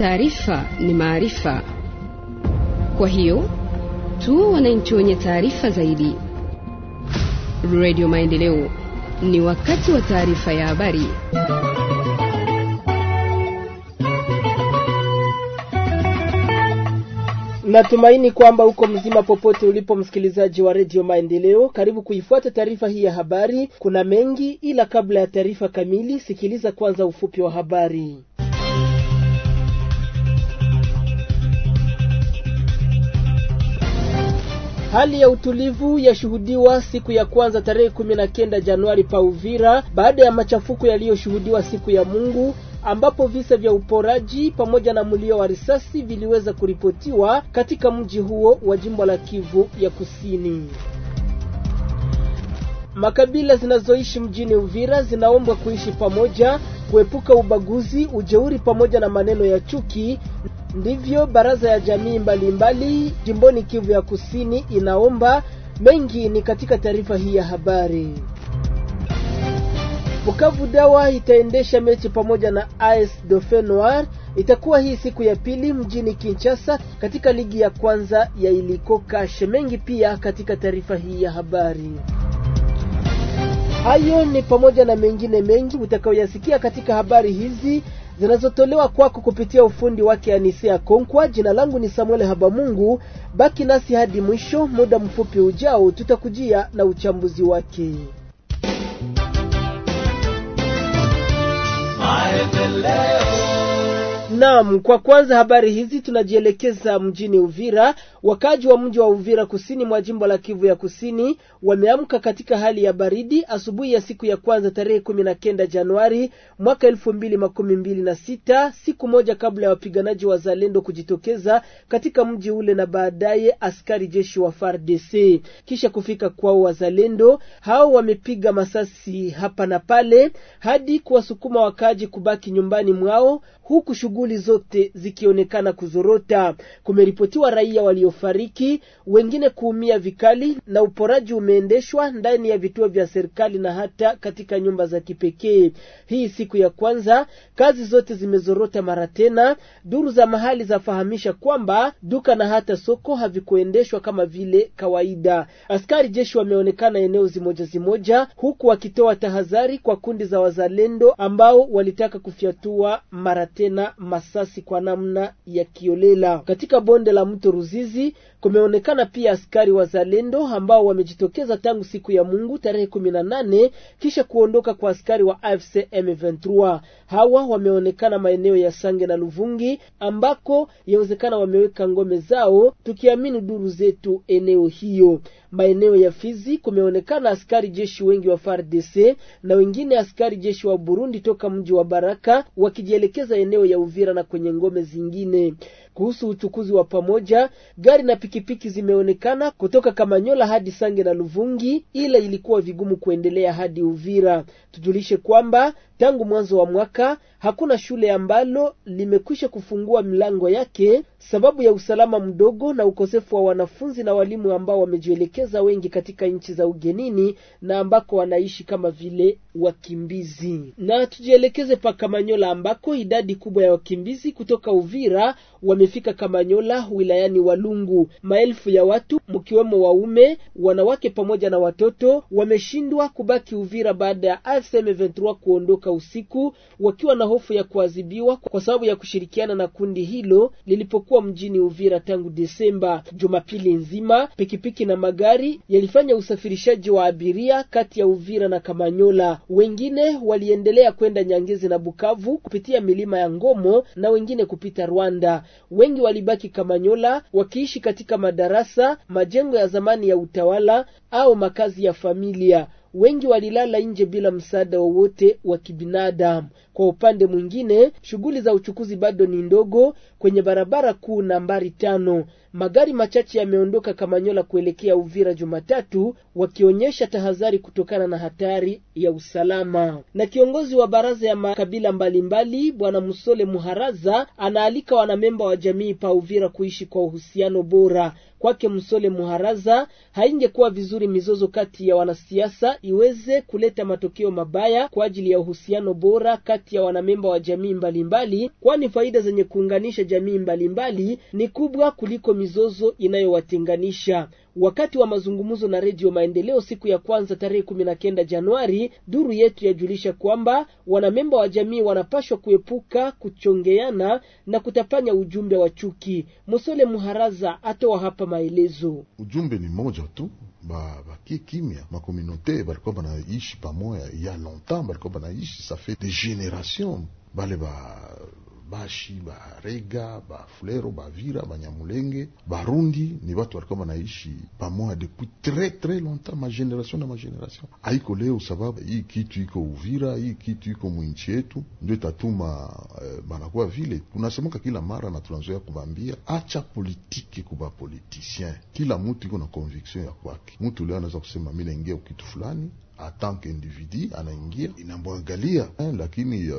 Taarifa ni maarifa, kwa hiyo tu wananchi wenye taarifa zaidi. Radio Maendeleo, ni wakati wa taarifa ya habari. Natumaini kwamba uko mzima popote ulipo, msikilizaji wa redio Maendeleo. Karibu kuifuata taarifa hii ya habari. Kuna mengi, ila kabla ya taarifa kamili, sikiliza kwanza ufupi wa habari. Hali ya utulivu yashuhudiwa siku ya kwanza tarehe kumi na kenda Januari pa Uvira baada ya machafuko yaliyoshuhudiwa siku ya Mungu ambapo visa vya uporaji pamoja na mlio wa risasi viliweza kuripotiwa katika mji huo wa jimbo la Kivu ya Kusini. Makabila zinazoishi mjini Uvira zinaombwa kuishi pamoja, kuepuka ubaguzi, ujeuri pamoja na maneno ya chuki. Ndivyo baraza ya jamii mbalimbali mbali, jimboni Kivu ya Kusini inaomba. Mengi ni katika taarifa hii ya habari. Bukavu Dawa itaendesha mechi pamoja na AS Dauphin Noir. Itakuwa hii siku ya pili mjini Kinshasa katika ligi ya kwanza ya ilikoka shemengi. pia katika taarifa hii ya habari. Hayo ni pamoja na mengine mengi utakayoyasikia katika habari hizi zinazotolewa kwako kupitia ufundi wake Anisia Konkwa. Jina langu ni Samuel Habamungu, baki nasi hadi mwisho. Muda mfupi ujao tutakujia na uchambuzi wake. Naam, kwa kwanza habari hizi tunajielekeza mjini Uvira. Wakaji wa mji wa Uvira kusini mwa jimbo la Kivu ya Kusini wameamka katika hali ya baridi asubuhi ya siku ya kwanza tarehe kumi na kenda Januari mwaka elfu mbili makumi mbili na sita, siku moja kabla ya wapiganaji wa Zalendo kujitokeza katika mji ule na baadaye askari jeshi wa FARDC. Kisha kufika kwao Wazalendo hao wamepiga masasi hapa na pale hadi kuwasukuma wakaji kubaki nyumbani mwao huku shughuli shughuli zote zikionekana kuzorota. Kumeripotiwa raia waliofariki, wengine kuumia vikali, na uporaji umeendeshwa ndani ya vituo vya serikali na hata katika nyumba za kipekee. Hii siku ya kwanza kazi zote zimezorota mara tena. Duru za mahali zafahamisha kwamba duka na hata soko havikuendeshwa kama vile kawaida. Askari jeshi wameonekana eneo zimoja zimoja, huku wakitoa tahadhari kwa kundi za wazalendo ambao walitaka kufyatua mara tena risasi kwa namna ya kiolela katika bonde la mto Ruzizi. Kumeonekana pia askari wazalendo ambao wamejitokeza tangu siku ya Mungu tarehe 18 kisha kuondoka kwa askari wa AFC M23. Hawa wameonekana maeneo ya Sange na Luvungi ambako yawezekana wameweka ngome zao, tukiamini duru zetu eneo hiyo. Maeneo ya Fizi kumeonekana askari jeshi wengi wa FARDC na wengine askari jeshi wa Burundi toka mji wa Baraka wakijielekeza eneo ya Uvira na kwenye ngome zingine. Kuhusu uchukuzi wa pamoja, gari na pikipiki zimeonekana kutoka Kamanyola hadi Sange na Luvungi, ila ilikuwa vigumu kuendelea hadi Uvira. Tujulishe kwamba Tangu mwanzo wa mwaka hakuna shule ambalo limekwisha kufungua milango yake sababu ya usalama mdogo na ukosefu wa wanafunzi na walimu ambao wamejielekeza wengi katika nchi za ugenini na ambako wanaishi kama vile wakimbizi. Na tujielekeze pa Kamanyola ambako idadi kubwa ya wakimbizi kutoka Uvira wamefika Kamanyola wilayani Walungu. Maelfu ya watu mkiwemo waume, wanawake pamoja na watoto wameshindwa kubaki Uvira baada ya M23 kuondoka mwaka usiku wakiwa na hofu ya kuadhibiwa kwa sababu ya kushirikiana na kundi hilo lilipokuwa mjini Uvira tangu Desemba. Jumapili nzima pikipiki na magari yalifanya usafirishaji wa abiria kati ya Uvira na Kamanyola. Wengine waliendelea kwenda Nyangezi na Bukavu kupitia milima ya Ngomo na wengine kupita Rwanda. Wengi walibaki Kamanyola wakiishi katika madarasa, majengo ya zamani ya utawala au makazi ya familia wengi walilala nje bila msaada wowote wa kibinadamu. Kwa upande mwingine, shughuli za uchukuzi bado ni ndogo kwenye barabara kuu nambari tano. Magari machache yameondoka Kamanyola kuelekea Uvira Jumatatu, wakionyesha tahadhari kutokana na hatari ya usalama. Na kiongozi wa baraza ya makabila mbalimbali Bwana Musole Muharaza anaalika wanamemba wa jamii pa Uvira kuishi kwa uhusiano bora. Kwake Msole Muharaza, haingekuwa vizuri mizozo kati ya wanasiasa iweze kuleta matokeo mabaya kwa ajili ya uhusiano bora kati ya wanamemba wa jamii mbalimbali, kwani faida zenye kuunganisha jamii mbalimbali ni kubwa kuliko mizozo inayowatenganisha. Wakati wa mazungumzo na Redio Maendeleo siku ya kwanza tarehe kumi na kenda Januari, duru yetu yajulisha kwamba wanamemba wa jamii wanapashwa kuepuka kuchongeana na kutapanya ujumbe wa chuki. Mosole Muharaza atoa hapa maelezo. Ujumbe ni moja tu baki kimia makomunote balikuwa banaishi pamoya ya longtemps, balikuwa banaishi safe de generation bale ba Bashi, Barega, Bafulero, Bavira, Banyamulenge, Barundi ni watu walikuwa wanaishi pamoja depuis très très longtemps, mageneration na mageneration. Haiko leo sababu hii kitu iko Uvira, hii kitu iko mwinchi yetu, ndio itatuma eh, vile tunasemaka kila mara na tunazoea kubambia, acha politike kuba politicien. Kila mtu iko na conviction ya kwake. Mtu leo anaweza kusema mimi naingia kitu fulani atanke individu anaingia inamwangalia eh, lakini uh,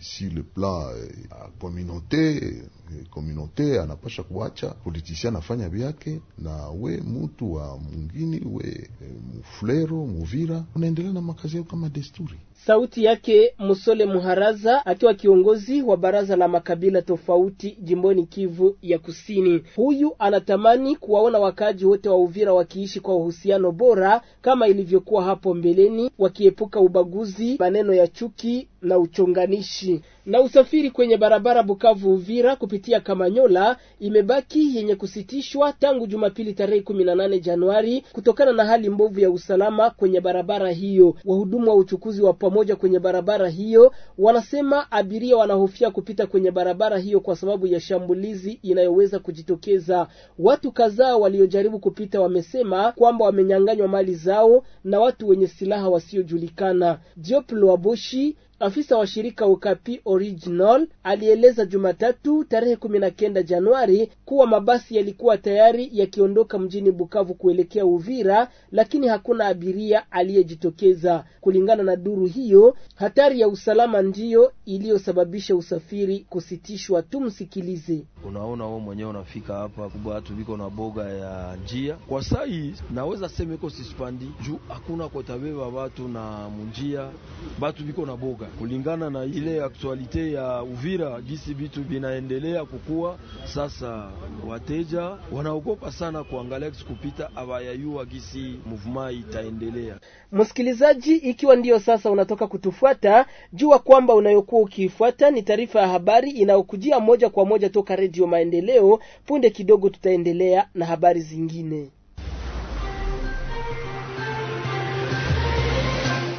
si le plan ya communauté komunote anapasha kuacha politisien anafanya vyake, na we mutu wa mungini we eh, muflero muvira unaendelea na makazi yao kama desturi. Sauti yake Musole Muharaza akiwa kiongozi wa baraza la makabila tofauti jimboni Kivu ya Kusini. Huyu anatamani kuwaona wakaaji wote wa Uvira wakiishi kwa uhusiano bora kama ilivyokuwa hapo mbeleni, wakiepuka ubaguzi, maneno ya chuki na uchonganishi. Na usafiri kwenye barabara Bukavu Uvira kupitia Kamanyola imebaki yenye kusitishwa tangu Jumapili tarehe 18 Januari kutokana na hali mbovu ya usalama kwenye barabara hiyo. Wahudumu wa uchukuzi wa pamoja kwenye barabara hiyo wanasema abiria wanahofia kupita kwenye barabara hiyo kwa sababu ya shambulizi inayoweza kujitokeza. Watu kadhaa waliojaribu kupita wamesema kwamba wamenyang'anywa mali zao na watu wenye silaha wasiojulikana. Diop Lwaboshi Afisa wa shirika ukapi Original alieleza Jumatatu tarehe kumi na kenda Januari kuwa mabasi yalikuwa tayari yakiondoka mjini Bukavu kuelekea Uvira, lakini hakuna abiria aliyejitokeza. Kulingana na duru hiyo, hatari ya usalama ndiyo iliyosababisha usafiri kusitishwa. Tumsikilize. Unaona wewe mwenyewe unafika hapa kubwa, watu viko na boga ya njia kwa sai, naweza sema iko sispandi juu hakuna kotabeba watu na munjia, watu viko na boga kulingana na ile aktualite ya Uvira, jinsi vitu vinaendelea kukua sasa. Wateja wanaogopa sana kuangalia kisi kupita abayayua gisi muvuma itaendelea. Msikilizaji, ikiwa ndiyo sasa unatoka kutufuata, jua kwamba unayokuwa ukiifuata ni taarifa ya habari inayokujia moja kwa moja toka Redio Maendeleo. Punde kidogo tutaendelea na habari zingine.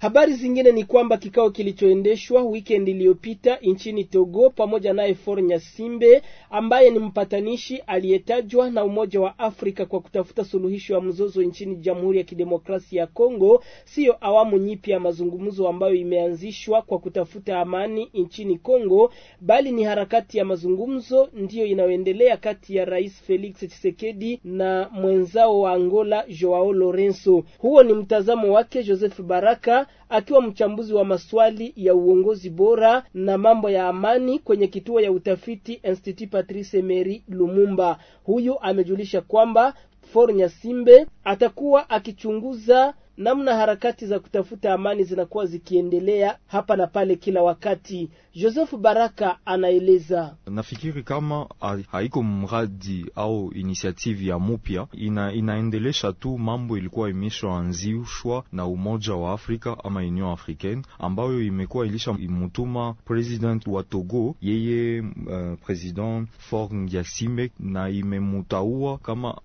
Habari zingine ni kwamba kikao kilichoendeshwa wikendi iliyopita nchini Togo pamoja naye fornya Nyasimbe ambaye ni mpatanishi aliyetajwa na Umoja wa Afrika kwa kutafuta suluhisho ya mzozo nchini Jamhuri ya Kidemokrasia ya Kongo, siyo awamu nyipya ya mazungumzo ambayo imeanzishwa kwa kutafuta amani nchini Kongo, bali ni harakati ya mazungumzo ndiyo inayoendelea kati ya Rais Felix Tshisekedi na mwenzao wa Angola Joao Lorenzo. Huo ni mtazamo wake Joseph Baraka akiwa mchambuzi wa maswali ya uongozi bora na mambo ya amani kwenye kituo ya utafiti Institut Patrice Emery Lumumba. Huyu amejulisha kwamba fornya simbe atakuwa akichunguza namna harakati za kutafuta amani zinakuwa zikiendelea hapa na pale kila wakati. Joseph Baraka anaeleza. Nafikiri kama haiko mradi au inisiativi ya mupya ina, inaendelesha tu mambo ilikuwa imeshaanzishwa na Umoja wa Afrika ama Union Africaine ambayo imekuwa ilisha mutuma president wa Togo yeye, uh, president Faure Gnassingbe na imemutaua kama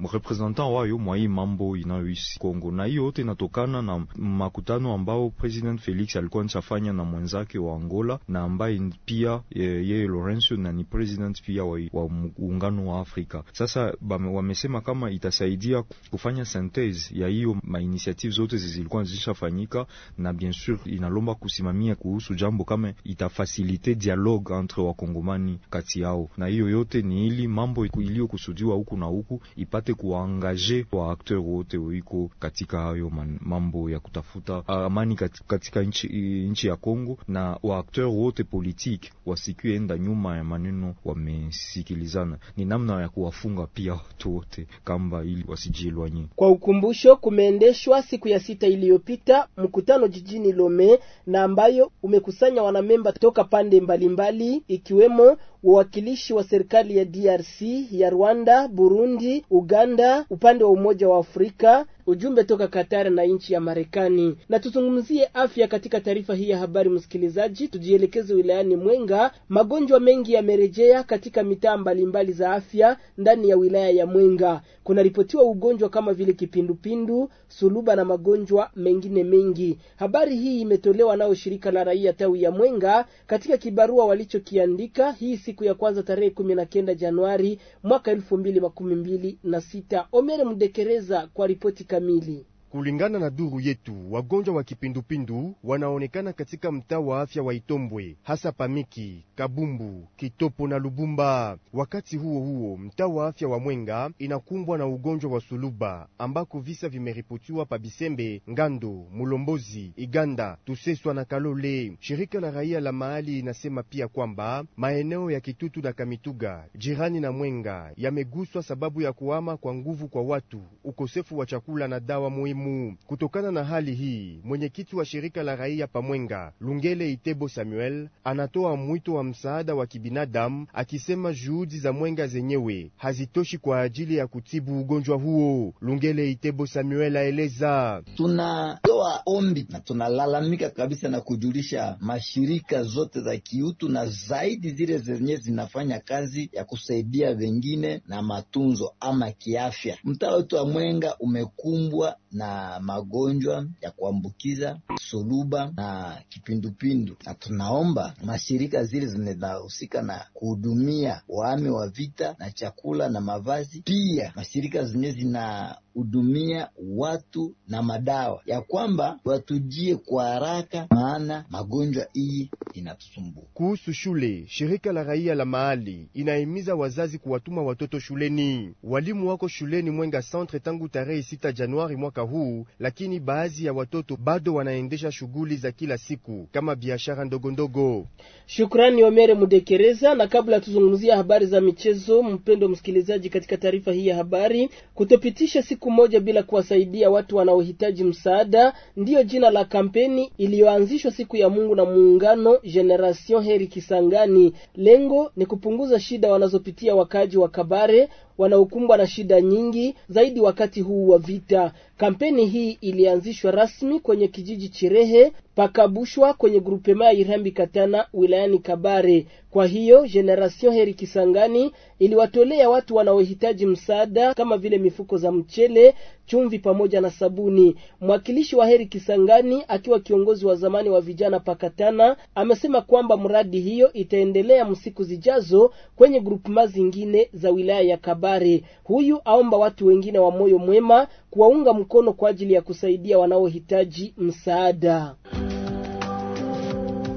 mrepresentant wayo mwa hii mambo inayoisi Kongo na hiyo yote inatokana na makutano ambao President Felix alikuwa nishafanya na mwenzake wa Angola na ambaye pia e, yeye Lorenzo na ni president pia wa, wa muungano wa Afrika. Sasa wamesema kama itasaidia kufanya synthesis ya hiyo mainitiative zote zilikuwa zishafanyika, na bien sur inalomba kusimamia kuhusu jambo kama itafasilite dialogue entre wakongomani kati yao, na hiyo yote ni ili mambo iliyokusudiwa huku na huku ipate kuwaangaje wa akteur wote wiko katika hayo hayo mambo ya kutafuta ah, amani katika nchi, nchi ya Kongo, na waakteur wote politiki wasikuenda nyuma ya maneno, wamesikilizana ni namna ya kuwafunga pia watu wote kamba ili wasijielwanye. Kwa ukumbusho, kumeendeshwa siku ya sita iliyopita mkutano jijini Lome na ambayo umekusanya wanamemba toka pande mbalimbali mbali, ikiwemo wawakilishi wa serikali ya DRC ya Rwanda, Burundi, Uganda, upande wa Umoja wa Afrika, ujumbe toka Qatar na nchi ya Marekani. Na tuzungumzie afya katika taarifa hii ya habari, msikilizaji, tujielekeze wilayani Mwenga. Magonjwa mengi yamerejea katika mitaa mbalimbali za afya ndani ya wilaya ya Mwenga. Kunaripotiwa ugonjwa kama vile kipindupindu, suluba na magonjwa mengine mengi. Habari hii imetolewa nao shirika la raia tawi ya Mwenga katika kibarua walichokiandika hii siku ya kwanza tarehe kumi na kenda Januari mwaka elfu mbili makumi mbili na sita. omer Mdekereza kwa ripoti kamili. Kulingana na duru yetu, wagonjwa wa kipindupindu wanaonekana katika mtaa wa afya wa Itombwe, hasa Pamiki, Kabumbu, Kitopo na Lubumba. Wakati huo huo, mtaa wa afya wa Mwenga inakumbwa na ugonjwa wa suluba ambako visa vimeripotiwa pa Bisembe, Ngando, Mulombozi, Iganda, Tuseswa na Kalole. Shirika la raia la mahali inasema pia kwamba maeneo ya Kitutu na Kamituga jirani na Mwenga yameguswa sababu ya kuhama kwa nguvu kwa watu, ukosefu wa chakula na dawa muhimu elimu. Kutokana na hali hii, mwenyekiti wa shirika la raia Pamwenga Lungele Itebo Samuel anatoa mwito wa msaada wa kibinadamu, akisema juhudi za Mwenga zenyewe hazitoshi kwa ajili ya kutibu ugonjwa huo. Lungele Itebo Samuel aeleza, tunatoa ombi na tunalalamika kabisa na kujulisha mashirika zote za kiutu na zaidi zile zenye zinafanya kazi ya kusaidia wengine na matunzo ama kiafya. Mtaa wetu wa Mwenga umekumbwa na magonjwa ya kuambukiza suluba na kipindupindu, na tunaomba mashirika zile zinazohusika na kuhudumia waami wa vita na chakula na mavazi, pia mashirika zenye zinahudumia watu na madawa, ya kwamba watujie kwa haraka, maana magonjwa hii inatusumbua. Kuhusu shule, shirika la raia la mahali inahimiza wazazi kuwatuma watoto shuleni. Walimu wako shuleni Mwenga Centre tangu tarehe 6 Januari mwaka mwaka huu, lakini baadhi ya watoto bado wanaendesha shughuli za kila siku kama biashara ndogondogo. Shukrani Omere Mudekereza. Na kabla ya tuzungumzia habari za michezo, mpendo msikilizaji, katika taarifa hii ya habari, kutopitisha siku moja bila kuwasaidia watu wanaohitaji msaada ndiyo jina la kampeni iliyoanzishwa siku ya Mungu na muungano Generation Heri Kisangani. Lengo ni kupunguza shida wanazopitia wakaaji wa Kabare wanaokumbwa na shida nyingi zaidi wakati huu wa vita. Kampeni hii ilianzishwa rasmi kwenye kijiji Chirehe pakabushwa kwenye grupema ya Irambi Katana wilayani Kabare. Kwa hiyo Generation Heri Kisangani iliwatolea watu wanaohitaji msaada kama vile mifuko za mchele, chumvi pamoja na sabuni. Mwakilishi wa Heri Kisangani akiwa kiongozi wa zamani wa vijana Pakatana amesema kwamba mradi hiyo itaendelea msiku zijazo kwenye grupema zingine za wilaya ya Kabare. Huyu aomba watu wengine wa moyo mwema kuwaunga mkono kwa ajili ya kusaidia wanaohitaji msaada.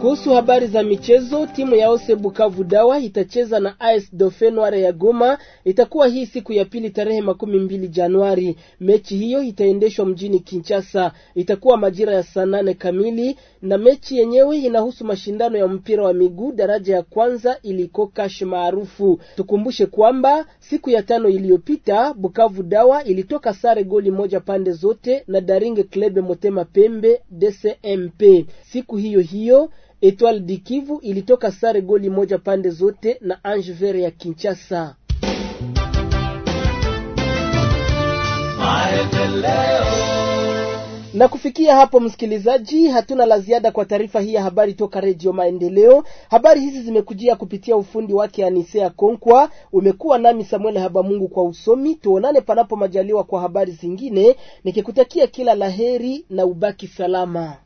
Kuhusu habari za michezo, timu ya Ose Bukavu Dawa itacheza na AS Dauphin Noir ya Goma. Itakuwa hii siku ya pili tarehe makumi mbili Januari. Mechi hiyo itaendeshwa mjini Kinshasa, itakuwa majira ya saa nane kamili, na mechi yenyewe inahusu mashindano ya mpira wa miguu daraja ya kwanza iliko kash maarufu. Tukumbushe kwamba siku ya tano iliyopita Bukavu Dawa ilitoka sare goli moja pande zote na Daringe Klebe Motema Pembe DCMP. Siku hiyo hiyo Etoile kivu ilitoka sare goli moja pande zote na Angever ya Kinshasa. Na kufikia hapo, msikilizaji, hatuna la ziada kwa taarifa hii ya habari toka Redio Maendeleo. Habari hizi zimekujia kupitia ufundi wake Anisea Konkwa. Umekuwa nami Samuel Habamungu kwa usomi. Tuonane panapo majaliwa kwa habari zingine, nikikutakia kila laheri na ubaki salama.